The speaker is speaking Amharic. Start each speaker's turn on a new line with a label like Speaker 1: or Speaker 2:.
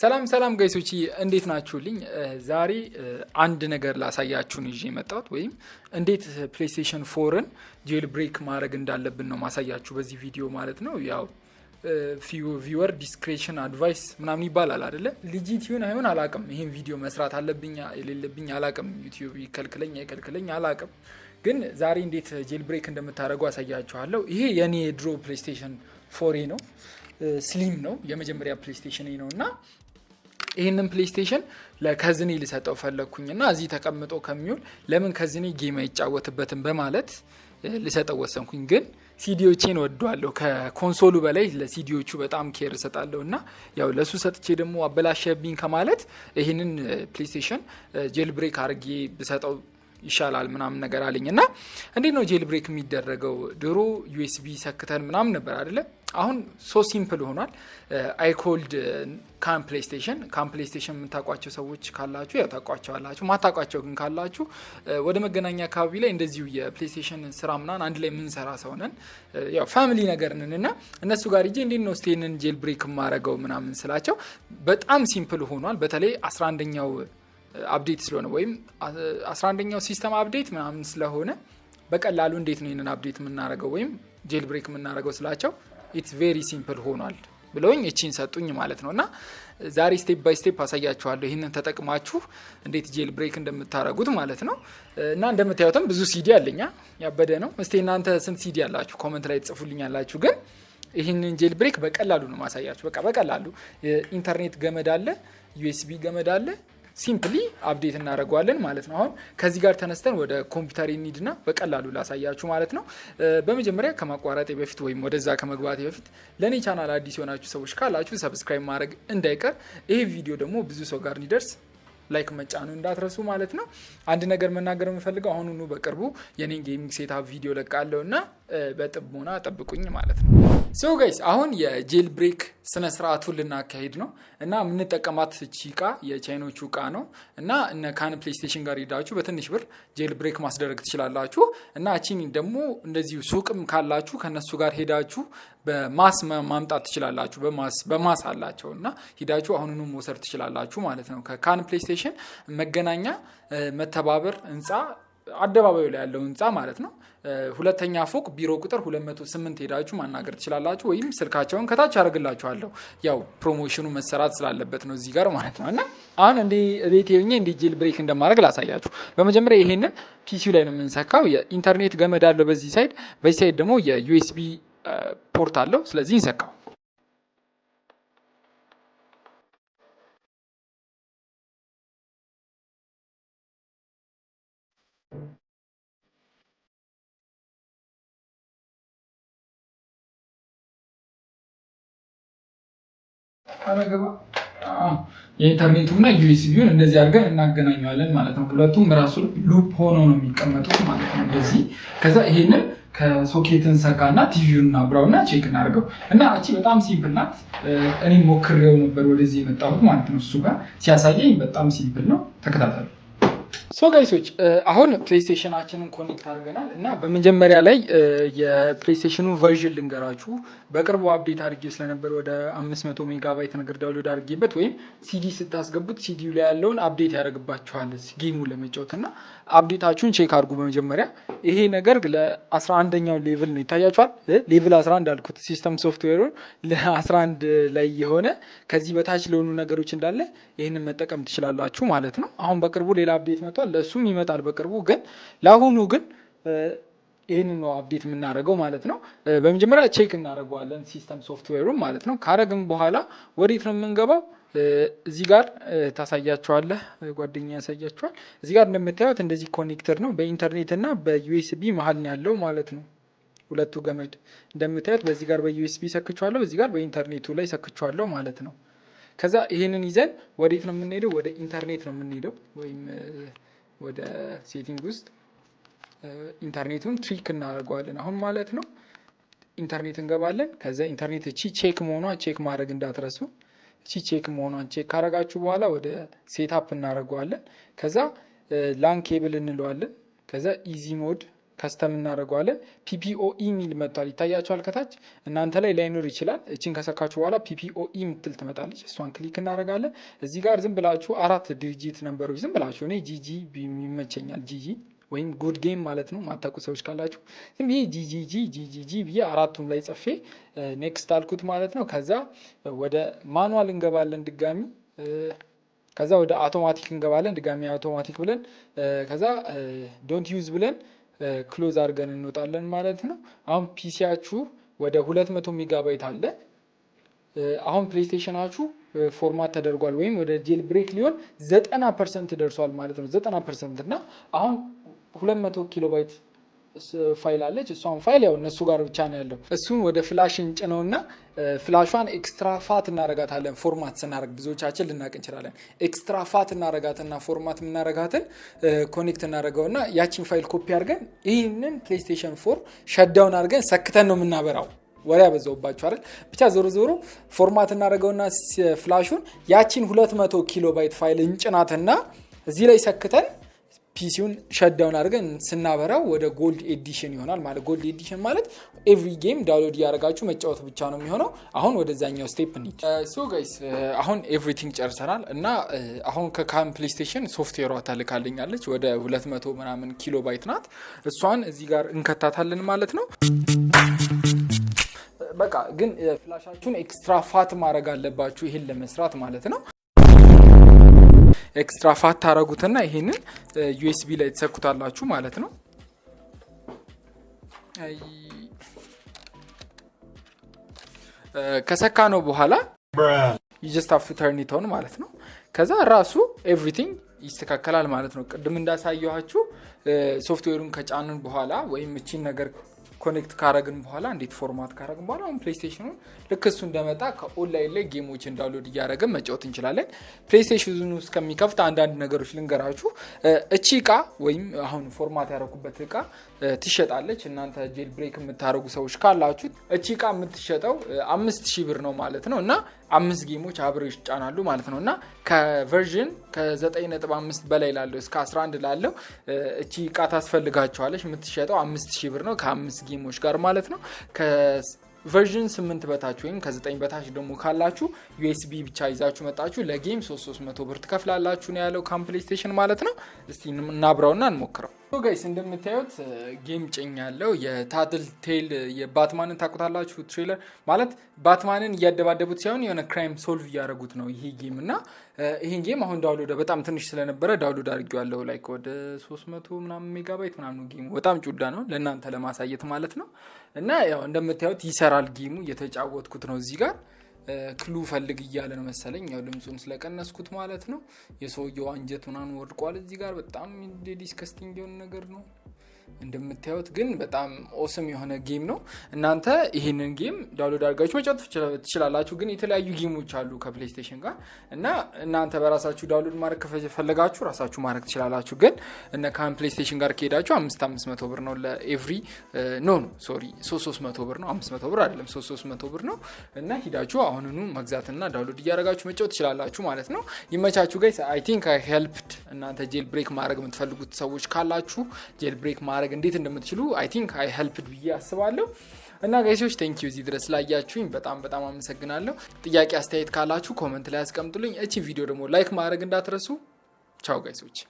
Speaker 1: ሰላም ሰላም ጋይሶች እንዴት ናችሁልኝ? ዛሬ አንድ ነገር ላሳያችሁን ይዤ የመጣት ወይም እንዴት ፕሌስቴሽን ፎርን ጄል ብሬክ ማድረግ እንዳለብን ነው ማሳያችሁ በዚህ ቪዲዮ ማለት ነው። ያው ቪወር ዲስክሬሽን አድቫይስ ምናምን ይባላል አደለ? ልጂት ይሁን አይሆን አላቅም። ይህን ቪዲዮ መስራት አለብኝ የሌለብኝ አላቅም። ዩቲዩብ ይከልክለኝ አይከልክለኝ አላቅም። ግን ዛሬ እንዴት ጄል ብሬክ እንደምታደርጉ አሳያችኋለሁ። ይሄ የኔ የድሮ ፕሌስቴሽን ፎሬ ነው። ስሊም ነው የመጀመሪያ ፕሌስቴሽን ነው እና ይህንን ፕሌስቴሽን ከዝኔ ልሰጠው እና እዚህ ተቀምጦ ከሚውል ለምን ከዝኔ ጌም አይጫወትበትም በማለት ልሰጠው ወሰንኩኝ። ግን ሲዲዎቼን ወደዋለሁ ከኮንሶሉ በላይ ለሲዲዎቹ በጣም ኬር እሰጣለሁ እና ያው ለሱ ሰጥቼ ደግሞ አበላሸብኝ ከማለት ይህንን ፕሌስቴሽን ጄል ብሬክ አድርጌ ብሰጠው ይሻላል ምናምን ነገር አለኝ እና እንዴት ነው ጄል ብሬክ የሚደረገው? ድሮ ዩኤስቢ ሰክተን ምናምን ነበር አይደለም አሁን ሶ ሲምፕል ሆኗል። አይኮልድ ካን ፕሌስቴሽን ካን ፕሌስቴሽን የምታውቋቸው ሰዎች ካላችሁ ያው አላችሁ። ማታውቋቸው ግን ካላችሁ ወደ መገናኛ አካባቢ ላይ እንደዚሁ የፕሌስቴሽን ስራ ምናምን አንድ ላይ የምንሰራ ሰው ነን፣ ያው ፋሚሊ ነገር ነን እና እነሱ ጋር ሂጄ እንዴት ነው ስቴንን ጄል ብሬክ የማረገው ምናምን ስላቸው በጣም ሲምፕል ሆኗል። በተለይ 11ኛው አፕዴት ስለሆነ ወይም 11ኛው ሲስተም አፕዴት ምናምን ስለሆነ በቀላሉ እንዴት ነው ይንን አፕዴት የምናረገው ወይም ጄል ብሬክ የምናረገው ስላቸው ኢትስ ቬሪ ሲምፕል ሆኗል ብለውኝ እቺን ሰጡኝ ማለት ነው እና ዛሬ ስቴፕ ባይ ስቴፕ አሳያችኋለሁ። ይህንን ተጠቅማችሁ እንዴት ጄል ብሬክ እንደምታደርጉት ማለት ነው። እና እንደምታዩትም ብዙ ሲዲ አለኛ ያበደ ነው። እስቲ እናንተ ስንት ሲዲ አላችሁ? ኮመንት ላይ ትጽፉልኛላችሁ። ግን ይህንን ጄል ብሬክ በቀላሉ ነው ማሳያችሁ። በቃ በቀላሉ ኢንተርኔት ገመድ አለ፣ ዩኤስቢ ገመድ አለ ሲምፕሊ አፕዴት እናደርገዋለን ማለት ነው። አሁን ከዚህ ጋር ተነስተን ወደ ኮምፒውተር ኒድና በቀላሉ ላሳያችሁ ማለት ነው። በመጀመሪያ ከማቋረጤ በፊት ወይም ወደዛ ከመግባቴ በፊት ለእኔ ቻናል አዲስ የሆናችሁ ሰዎች ካላችሁ ሰብስክራይብ ማድረግ እንዳይቀር፣ ይሄ ቪዲዮ ደግሞ ብዙ ሰው ጋር እንዲደርስ ላይክ መጫኑ እንዳትረሱ ማለት ነው። አንድ ነገር መናገር የምፈልገው አሁኑኑ በቅርቡ የኔን ጌሚንግ ሴት ቪዲዮ ለቃለሁ እና በጥሞና ጠብቁኝ ማለት ነው። ሶ ጋይስ አሁን የጄል ብሬክ ስነ ስርዓቱን ልናካሄድ ነው እና የምንጠቀማት ቺቃ የቻይኖቹ እቃ ነው እና እነ ካን ፕሌስቴሽን ጋር ሄዳችሁ በትንሽ ብር ጄል ብሬክ ማስደረግ ትችላላችሁ እና እቺን ደግሞ እንደዚሁ ሱቅም ካላችሁ ከነሱ ጋር ሄዳችሁ በማስ ማምጣት ትችላላችሁ። በማስ አላቸው እና ሂዳችሁ አሁኑኑ መውሰድ ትችላላችሁ ማለት ነው። ከካን ፕሌስቴሽን መገናኛ መተባበር ህንፃ አደባባዩ ላይ ያለው ህንፃ ማለት ነው። ሁለተኛ ፎቅ ቢሮ ቁጥር 208 ሄዳችሁ ማናገር ትችላላችሁ፣ ወይም ስልካቸውን ከታች አደርግላችኋለሁ። ያው ፕሮሞሽኑ መሰራት ስላለበት ነው እዚህ ጋር ማለት ነው። እና አሁን እንዴ ቤት ሆኜ እንዲ ጄል ብሬክ እንደማድረግ ላሳያችሁ። በመጀመሪያ ይሄንን ፒሲው ላይ ነው የምንሰካው። የኢንተርኔት ገመድ አለው በዚህ ሳይድ፣ በዚህ ሳይድ ደግሞ የዩኤስቢ ፖርት አለው። ስለዚህ እንሰካው የኢንተርኔቱና ዩኤስቢውን እንደዚህ አድርገን እናገናኘዋለን ማለት ነው። ሁለቱም ራሱ ሉፕ ሆኖ ነው የሚቀመጡት ማለት ነው። እንደዚህ ከዛ ይሄንን ከሶኬትን ሰካና ቲቪውን እናብራውና ቼክ እናደርገው እና እቺ በጣም ሲምፕል ናት። እኔም ሞክሬው ነበር ወደዚህ የመጣሁት ማለት ነው። እሱ ጋር ሲያሳየኝ በጣም ሲምፕል ነው። ተከታተሉ። ሶ ጋይሶች uh, አሁን ፕሌስቴሽናችንን ኮኔክት አድርገናል እና በመጀመሪያ ላይ uh, የፕሌስቴሽኑ ቨርዥን ልንገራችሁ። በቅርቡ አፕዴት አድርጌ ስለነበር ወደ 500 ሜጋባይት ነገር ዳውንሎድ አድርጌበት ወይም ሲዲ ስታስገቡት ሲዲው ላይ ያለውን አፕዴት ያደርግባችኋል ጌሙ ለመጫወት እና አብዴታችሁን ቼክ አድርጉ። በመጀመሪያ ይሄ ነገር ለ11ኛው ሌቭል ነው ይታያችኋል። ሌቭል 11 አልኩት ሲስተም ሶፍትዌሩን ለ11 ላይ የሆነ ከዚህ በታች ለሆኑ ነገሮች እንዳለ ይህንን መጠቀም ትችላላችሁ ማለት ነው። አሁን በቅርቡ ሌላ አብዴት መጥቷል። ለእሱም ይመጣል በቅርቡ ግን ለአሁኑ ግን ይህንን ነው አብዴት የምናደርገው ማለት ነው። በመጀመሪያ ቼክ እናደርገዋለን ሲስተም ሶፍትዌሩን ማለት ነው። ካረግም በኋላ ወዴት ነው የምንገባው? እዚህ ጋር ታሳያቸዋለህ ጓደኛ ያሳያቸዋል። እዚህ ጋር እንደምታዩት እንደዚህ ኮኔክተር ነው በኢንተርኔት እና በዩኤስቢ መሀል ያለው ማለት ነው። ሁለቱ ገመድ እንደምታዩት በዚህ ጋር በዩኤስቢ ሰክቸዋለሁ፣ እዚህ ጋር በኢንተርኔቱ ላይ ሰክቸዋለሁ ማለት ነው። ከዛ ይህንን ይዘን ወዴት ነው የምንሄደው? ወደ ኢንተርኔት ነው የምንሄደው ወይም ወደ ሴቲንግ ውስጥ ኢንተርኔቱን ትሪክ እናደርገዋለን አሁን ማለት ነው። ኢንተርኔት እንገባለን። ከዛ ኢንተርኔት እቺ ቼክ መሆኗ ቼክ ማድረግ እንዳትረሱ። እቺ ቼክ መሆኗን ቼክ ካረጋችሁ በኋላ ወደ ሴታፕ እናደርገዋለን። ከዛ ላን ኬብል እንለዋለን። ከዛ ኢዚ ሞድ ከስተም እናደርገዋለን። ፒፒኦኢ ሚል መጥቷል፣ ይታያቸዋል ከታች እናንተ ላይ ላይኖር ይችላል። እችን ከሰካችሁ በኋላ ፒፒኦኢ ምትል ትመጣለች። እሷን ክሊክ እናደርጋለን። እዚህ ጋር ዝም ብላችሁ አራት ድርጅት ነበሮች ዝም ብላችሁ እኔ ጂጂ ይመቸኛል ጂጂ ወይም ጉድ ጌም ማለት ነው። ማታውቁ ሰዎች ካላችሁ ዝም ብዬ ጂጂጂጂጂጂ ብዬ አራቱም ላይ ጽፌ ኔክስት አልኩት ማለት ነው። ከዛ ወደ ማኑዋል እንገባለን ድጋሚ ከዛ ወደ አውቶማቲክ እንገባለን ድጋሚ አውቶማቲክ ብለን ከዛ ዶንት ዩዝ ብለን ክሎዝ አድርገን እንወጣለን ማለት ነው። አሁን ፒሲያችሁ ወደ ሁለት መቶ ሜጋባይት አለ። አሁን ፕሌይስቴሽናችሁ ፎርማት ተደርጓል ወይም ወደ ጄል ብሬክ ሊሆን ዘጠና ፐርሰንት ደርሷል ማለት ነው። ዘጠና ፐርሰንት እና አሁን 200 ኪሎ ባይት ፋይል አለች። እሷን ፋይል ያው እነሱ ጋር ብቻ ነው ያለው። እሱን ወደ ፍላሽ እና ፍላሿን ኤክስትራ ፋት እናረጋታለን። ፎርማት ስናደረግ ብዙዎቻችን ልናቅ እንችላለን። ኤክስትራ ፋት እናረጋትና ፎርማት የምናረጋትን ኮኔክት እና ያችን ፋይል ኮፒ አድርገን ይህንን ፕሌስቴሽን ፎር ሸዳውን አድርገን ሰክተን ነው የምናበራው። ወሬ ያበዛውባቸው አይደል? ብቻ ዞሮ ዞሮ ፎርማት እናደረገውና ፍላሹን ያችን 200 ኪሎ ባይት ፋይል እንጭናትና እዚህ ላይ ሰክተን ፒሲውን ሸዳውን አድርገን ስናበራው ወደ ጎልድ ኤዲሽን ይሆናል ማለት ጎልድ ኤዲሽን ማለት ኤቭሪ ጌም ዳውንሎድ እያደረጋችሁ መጫወት ብቻ ነው የሚሆነው። አሁን ወደዛኛው ስቴፕ እንሂድ። ሶ ጋይስ አሁን ኤቭሪቲንግ ጨርሰናል እና አሁን ከካም ፕሌስቴሽን ሶፍትዌሯ ታልካልኛለች ወደ 200 ምናምን ኪሎ ባይት ናት። እሷን እዚህ ጋር እንከታታለን ማለት ነው። በቃ ግን ፍላሻችሁን ኤክስትራ ፋት ማድረግ አለባችሁ ይህን ለመስራት ማለት ነው። ኤክስትራ ፋት ታረጉትና ይሄንን ዩኤስቢ ላይ ተሰኩታላችሁ ማለት ነው። ከሰካ ነው በኋላ ዩጀስት ሀፍ ቱ ማለት ነው። ከዛ ራሱ ኤቭሪቲንግ ይስተካከላል ማለት ነው። ቅድም እንዳሳየኋችሁ ሶፍትዌሩን ከጫንን በኋላ ወይም እቺን ነገር ኮኔክት ካረግን በኋላ እንዴት ፎርማት ካረግን በኋላ አሁን ፕሌስቴሽኑ ልክ እሱ እንደመጣ ከኦንላይን ላይ ጌሞች እንዳሎድ እያደረግን መጫወት እንችላለን። ፕሌስቴሽኑ እስከሚከፍት አንዳንድ ነገሮች ልንገራችሁ። እቺ እቃ ወይም አሁን ፎርማት ያደረኩበት እቃ ትሸጣለች። እናንተ ጄል ብሬክ የምታደረጉ ሰዎች ካላችሁ እቺ እቃ የምትሸጠው አምስት ሺህ ብር ነው ማለት ነው እና አምስት ጌሞች አብረው ይጫናሉ ማለት ነው እና ከቨርዥን ከ9.5 በላይ ላለው እስከ 11 ላለው እቺ እቃ ታስፈልጋቸዋለች። የምትሸጠው አምስት ሺህ ብር ነው ከአምስት ጌሞች ጋር ማለት ነው። ቨርዥን 8 በታች ወይም ከ9 በታች ደግሞ ካላችሁ ዩኤስቢ ብቻ ይዛችሁ መጣችሁ ለጌም 3300 ብር ትከፍላላችሁ ነው ያለው ካምፕሌስቴሽን ማለት ነው። እስቲ እናብረውና እንሞክረው። ጋይስ እንደምታዩት ጌም ጭኝ ያለው የታትል ቴል የባትማንን ታቁታላችሁ ትሬለር ማለት ባትማንን እያደባደቡት ሳይሆን የሆነ ክራይም ሶልቭ እያደረጉት ነው ይሄ ጌም እና uh, ይህን ጌም አሁን ዳውንሎድ በጣም ትንሽ ስለነበረ ዳውንሎድ አድርጌዋለሁ። ላይ ወደ 300 ምናምን ሜጋባይት ምናምን ጌሙ በጣም ጩዳ ነው ለእናንተ ለማሳየት ማለት ነው። እና ያው እንደምታዩት ይሰራል ጌሙ እየተጫወትኩት ነው እዚህ ጋር ክሉ ፈልግ እያለ ነው መሰለኝ። ያው ድምፁን ስለቀነስኩት ማለት ነው። የሰውየው አንጀት ምናምን ወድቋል። እዚህ ጋር በጣም ዲስከስቲንግ የሆን ነገር ነው። እንደምታዩት ግን በጣም ኦስም የሆነ ጌም ነው። እናንተ ይህንን ጌም ዳውንሎድ አድርጋችሁ መጫወት ትችላላችሁ። ግን የተለያዩ ጌሞች አሉ ከፕሌስቴሽን ጋር እና እናንተ በራሳችሁ ዳውንሎድ ማድረግ ከፈለጋችሁ ራሳችሁ ማድረግ ትችላላችሁ። ግን እነ ካን ፕሌስቴሽን ጋር ከሄዳችሁ አምስት አምስት መቶ ብር ነው ለኤቭሪ ኖ ኖ ሶሪ ሶስት ሶስት መቶ ብር ነው። አምስት መቶ ብር አይደለም ሶስት ሶስት መቶ ብር ነው እና ሂዳችሁ አሁንኑ መግዛትና ዳውንሎድ እያደረጋችሁ መጫወት ትችላላችሁ ማለት ነው። ይመቻችሁ ጋይስ። አይ ቲንክ ሄልፕድ እናንተ ጄል ብሬክ ማድረግ የምትፈልጉት ሰዎች ካላችሁ ጄል ብሬክ ማ ማድረግ እንዴት እንደምትችሉ አይ ቲንክ አይ ሄልፕድ ብዬ አስባለሁ። እና ጋይሶች ዩ እዚህ ድረስ ላያችሁኝ በጣም በጣም አመሰግናለሁ። ጥያቄ አስተያየት ካላችሁ ኮመንት ላይ አስቀምጡልኝ። እቺ ቪዲዮ ደግሞ ላይክ ማድረግ እንዳትረሱ። ቻው ጋይሶች።